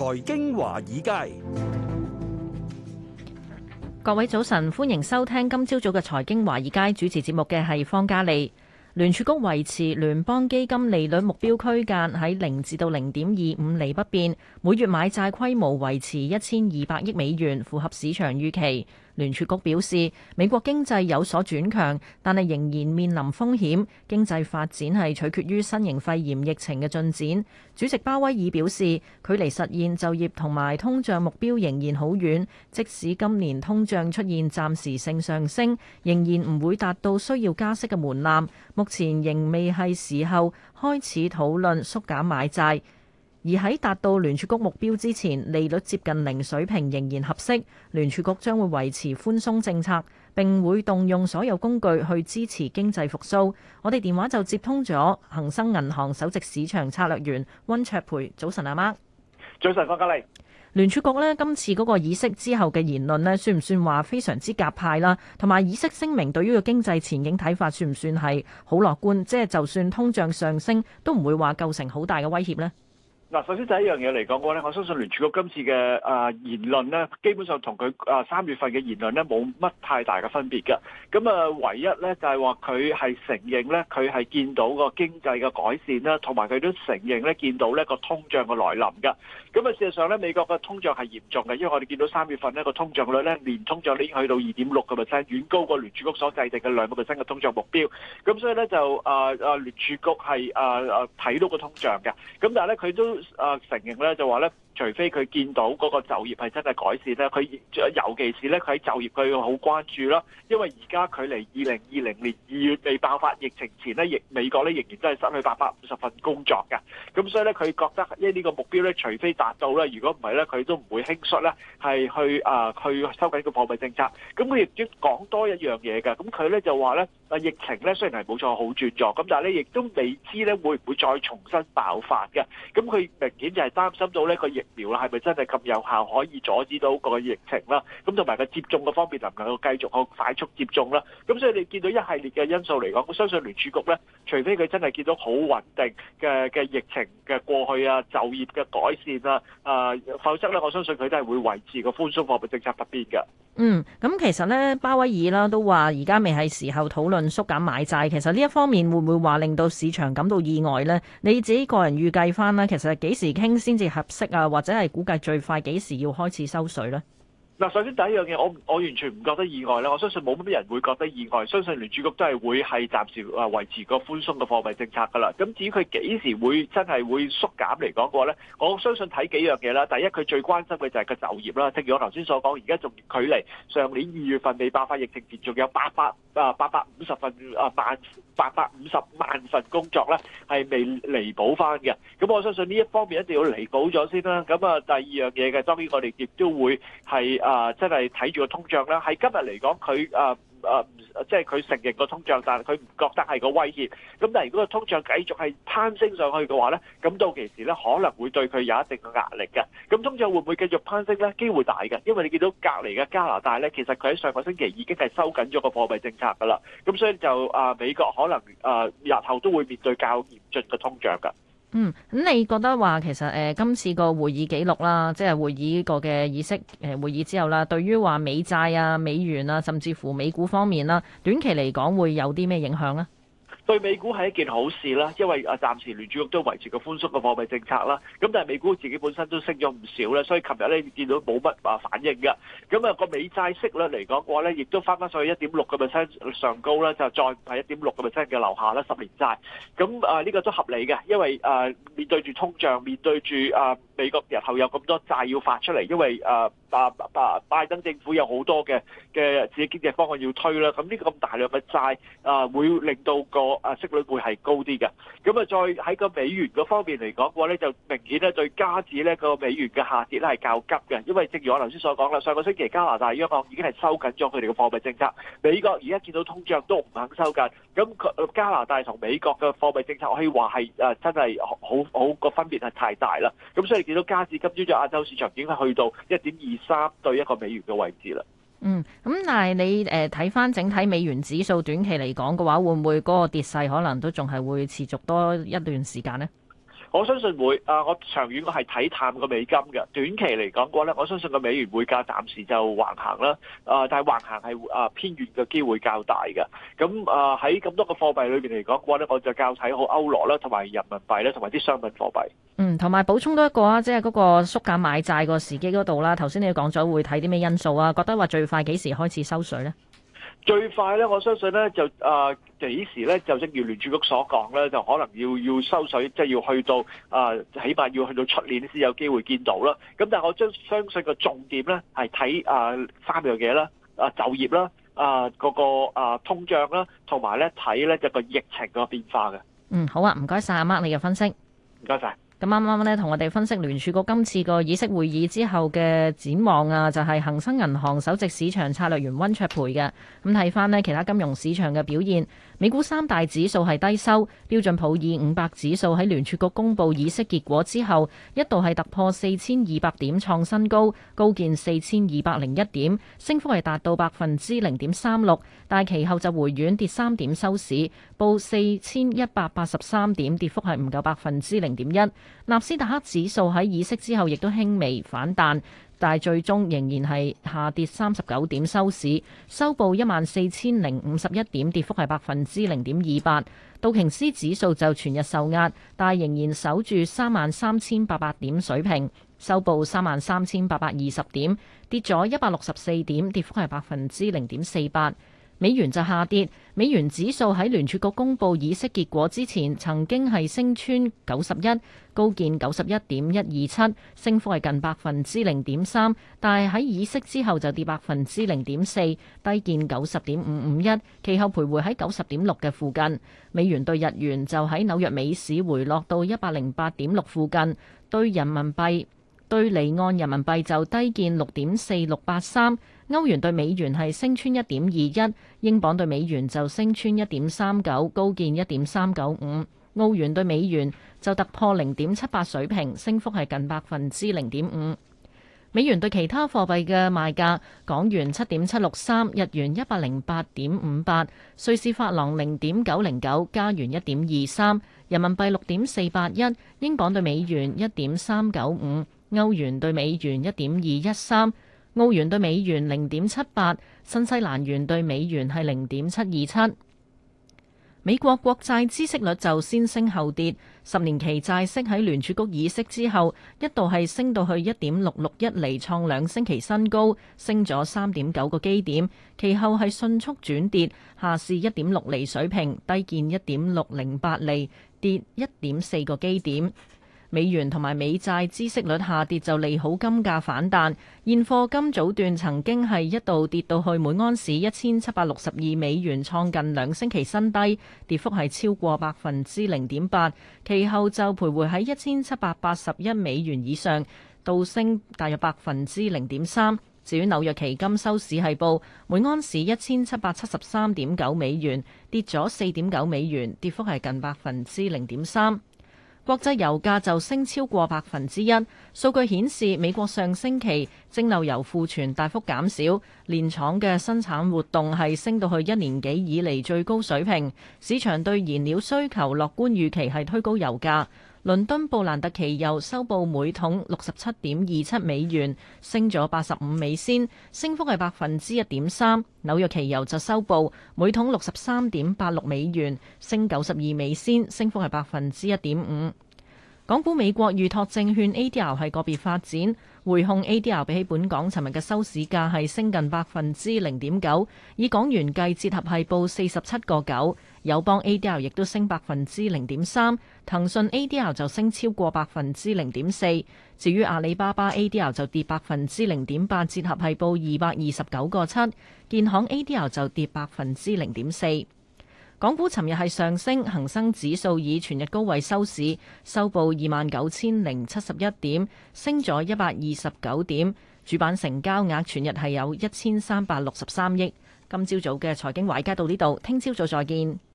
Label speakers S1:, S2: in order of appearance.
S1: 財經華爾
S2: 街，各位早晨，歡迎收聽今朝早嘅財經華爾街，主持節目嘅係方嘉利。聯儲局維持聯邦基金利率目標區間喺零至到零點二五厘不變，每月買債規模維持一千二百億美元，符合市場預期。聯儲局表示，美國經濟有所轉強，但係仍然面臨風險。經濟發展係取決於新型肺炎疫情嘅進展。主席鮑威爾表示，距離實現就業同埋通脹目標仍然好遠。即使今年通脹出現暫時性上升，仍然唔會達到需要加息嘅門檻。目前仍未係時候開始討論縮減買債。而喺達到聯儲局目標之前，利率接近零水平仍然合適。聯儲局將會維持寬鬆政策，並會動用所有工具去支持經濟復甦。我哋電話就接通咗恒生銀行首席市場策略員温卓培。早晨、啊，阿媽。
S1: 早晨，方嘉利。
S2: 聯儲局呢，今次嗰個議息之後嘅言論呢，算唔算話非常之夾派啦？同埋議息聲明對於個經濟前景睇法算唔算係好樂觀？即係就算通脹上升，都唔會話構成好大嘅威脅呢？
S1: 嗱，首先第一樣嘢嚟講講咧，我相信聯儲局今次嘅誒言論咧，基本上同佢誒三月份嘅言論咧冇乜太大嘅分別嘅。咁啊，唯一咧就係話佢係承認咧，佢係見到個經濟嘅改善啦，同埋佢都承認咧見到呢個通脹嘅來臨嘅。咁啊，事實上咧，美國嘅通脹係嚴重嘅，因為我哋見到三月份呢個通脹率咧年通脹已經去到二點六個 percent，遠高過聯儲局所制定嘅兩個 percent 嘅通脹目標。咁所以咧就誒誒聯儲局係誒誒睇到個通脹嘅。咁但係咧佢都啊！承認咧，就話咧。除非佢見到嗰個就業係真係改善咧，佢尤其係咧佢喺就業佢好關注啦，因為而家距離二零二零年二月未爆發疫情前咧，亦美國咧仍然都係失去八百五十份工作㗎，咁所以咧佢覺得呢呢個目標咧，除非達到咧，如果唔係咧，佢都唔會輕率咧，係去啊去收緊個貨幣政策。咁佢亦都講多一樣嘢㗎，咁佢咧就話咧，啊疫情咧雖然係冇錯好轉咗，咁但係咧亦都未知咧會唔會再重新爆發嘅，咁佢明顯就係擔心到咧個疫苗啦，係咪真係咁有效可以阻止到個疫情啦？咁同埋個接種嘅方面，能唔能夠繼續去快速接種啦？咁所以你見到一系列嘅因素嚟講，我相信聯儲局咧，除非佢真係見到好穩定嘅嘅疫情嘅過去啊，就業嘅改善啊，啊，否則咧，我相信佢都係會維持個寬鬆貨幣政策不變嘅。
S2: 嗯，咁其實呢，鮑威爾啦都話而家未係時候討論縮減買債，其實呢一方面會唔會話令到市場感到意外呢？你自己個人預計翻啦，其實幾時傾先至合適啊？或者係估計最快幾時要開始收水呢？
S1: 嗱，首先第一樣嘢，我我完全唔覺得意外啦。我相信冇乜人會覺得意外，相信聯儲局都係會係暫時啊維持個寬鬆嘅貨幣政策噶啦。咁至於佢幾時會真係會縮減嚟講嘅話呢？我相信睇幾樣嘢啦。第一，佢最關心嘅就係個就業啦。正如我頭先所講，而家仲距離上年二月份未爆發疫情前，仲有八百啊八百五十份啊萬八百五十萬份工作呢，係未彌補翻嘅。咁我相信呢一方面一定要彌補咗先啦。咁啊，第二樣嘢嘅，當然我哋亦都會係。啊，真係睇住個通脹啦。喺今日嚟講，佢啊啊，即係佢承認個通脹，但係佢唔覺得係個威脅。咁但係如果個通脹繼續係攀升上去嘅話咧，咁到期時咧可能會對佢有一定嘅壓力嘅。咁通脹會唔會繼續攀升咧？機會大嘅，因為你見到隔籬嘅加拿大咧，其實佢喺上個星期已經係收緊咗個貨幣政策㗎啦。咁所以就啊，美國可能啊日後都會面對較嚴峻嘅通脹㗎。
S2: 嗯，咁你覺得話其實誒、呃、今次個會議記錄啦，即係會議個嘅議息誒會議之後啦，對於話美債啊、美元啊，甚至乎美股方面啦，短期嚟講會有啲咩影響咧？
S1: 對美股係一件好事啦，因為啊，暫時聯儲局都維持個寬鬆嘅貨幣政策啦。咁但係美股自己本身都升咗唔少啦，所以琴日咧見到冇乜反應嘅。咁啊，個美債息率嚟講嘅話咧，亦都翻翻上去一點六個 percent 上高啦，就再喺一點六個 percent 嘅樓下啦，十年債。咁啊，呢個都合理嘅，因為啊、呃，面對住通脹，面對住啊。呃美國日後有咁多債要發出嚟，因為誒誒誒拜登政府有好多嘅嘅自己經濟方案要推啦，咁呢個咁大量嘅債啊、呃，會令到個啊息率會係高啲嘅。咁啊，再喺個美元嗰方面嚟講嘅話咧，就明顯咧對加指咧個美元嘅下跌咧係較急嘅，因為正如我頭先所講啦，上個星期加拿大央行已經係收緊咗佢哋嘅貨幣政策，美國而家見到通脹都唔肯收緊，咁佢加拿大同美國嘅貨幣政策我可以話係誒真係好好，好個分別係太大啦，咁所以。亦都加至今朝早亞洲市場已經去到一點二三對一個美元嘅位置啦。
S2: 嗯，咁但係你誒睇翻整體美元指數短期嚟講嘅話，會唔會嗰個跌勢可能都仲係會持續多一段時間咧？
S1: 我相信會啊！我長遠我係睇淡個美金嘅，短期嚟講嘅話咧，我相信個美元匯價暫時就橫行啦啊，呃！但係橫行係啊偏遠嘅機會較大嘅。咁啊，喺咁多個貨幣裏邊嚟講嘅話咧，我就較睇好歐羅啦，同埋人民幣咧，同埋啲商品貨幣，
S2: 嗯，同埋補充多一個啊，即係嗰個縮減買債個時機嗰度啦。頭先你講咗會睇啲咩因素啊？覺得話最快幾時開始收水咧？最
S1: 快咧，我相信咧就啊，幾時咧，就正如聯儲局所講咧，就可能要要收水，即係要去到啊，起碼要去到出年先有機會見到啦。咁但係我將相信個重點咧係睇啊三樣嘢啦，啊就業啦，啊嗰個啊通脹啦，同埋咧睇咧一個疫情個變化嘅。
S2: 嗯，好啊，唔該晒，阿 Mark 你嘅分析，
S1: 唔該晒。
S2: 咁啱啱呢，同我哋分析聯儲局今次個議息會議之後嘅展望啊，就係恒生銀行首席市場策略員温卓培嘅。咁睇翻呢，其他金融市場嘅表現，美股三大指數係低收，標準普爾五百指數喺聯儲局公佈議息結果之後，一度係突破四千二百點創新高，高見四千二百零一點，升幅係達到百分之零點三六，但係其後就回軟跌三點收市，報四千一百八十三點，跌幅係唔夠百分之零點一。納斯達克指數喺議息之後亦都輕微反彈，但係最終仍然係下跌三十九點收市，收報一萬四千零五十一點，跌幅係百分之零點二八。道瓊斯指數就全日受壓，但係仍然守住三萬三千八百點水平，收報三萬三千八百二十點，跌咗一百六十四點，跌幅係百分之零點四八。美元就下跌，美元指數喺聯儲局公佈議息結果之前，曾經係升穿九十一，高見九十一點一二七，升幅係近百分之零點三。但係喺議息之後就跌百分之零點四，低見九十點五五一，其後徘徊喺九十點六嘅附近。美元對日元就喺紐約美市回落到一百零八點六附近，對人民幣。對離岸人民幣就低見六點四六八三，歐元對美元係升穿一點二一，英鎊對美元就升穿一點三九，高見一點三九五，澳元對美元就突破零點七八水平，升幅係近百分之零點五。美元對其他貨幣嘅賣價，港元七點七六三，日元一百零八點五八，瑞士法郎零點九零九，加元一點二三，人民幣六點四八一，英鎊對美元一點三九五。歐元對美元一點二一三，澳元對美元零點七八，新西蘭元對美元係零點七二七。美國國債孳息率就先升後跌，十年期債息喺聯儲局議息之後一度係升到去一點六六一厘，創兩星期新高，升咗三點九個基點。其後係迅速轉跌，下試一點六厘水平，低見一點六零八厘，跌一點四個基點。美元同埋美債孳息率下跌就利好金價反彈，現貨金早段曾經係一度跌到去每安士一千七百六十二美元，創近兩星期新低，跌幅係超過百分之零點八。其後就徘徊喺一千七百八十一美元以上，倒升大約百分之零點三。至於紐約期金收市係報每安士一千七百七十三點九美元，跌咗四點九美元，跌幅係近百分之零點三。國際油價就升超過百分之一。數據顯示，美國上星期蒸餾油庫存大幅減少，煉廠嘅生產活動係升到去一年幾以嚟最高水平。市場對燃料需求樂觀預期係推高油價。倫敦布蘭特期油收報每桶六十七點二七美元，升咗八十五美仙，升幅係百分之一點三。紐約期油就收報每桶六十三點八六美元，升九十二美仙，升幅係百分之一點五。港股美國預託證券 ADR 係個別發展，匯控 ADR 比起本港尋日嘅收市價係升近百分之零點九，以港元計折合係報四十七個九。友邦 ADR 亦都升百分之零點三，騰訊 ADR 就升超過百分之零點四。至於阿里巴巴 ADR 就跌百分之零點八，折合係報二百二十九個七。建行 ADR 就跌百分之零點四。港股尋日係上升，恒生指數以全日高位收市，收報二萬九千零七十一點，升咗一百二十九點。主板成交額全日係有一千三百六十三億。今朝早嘅財經華爾街到呢度，聽朝早再見。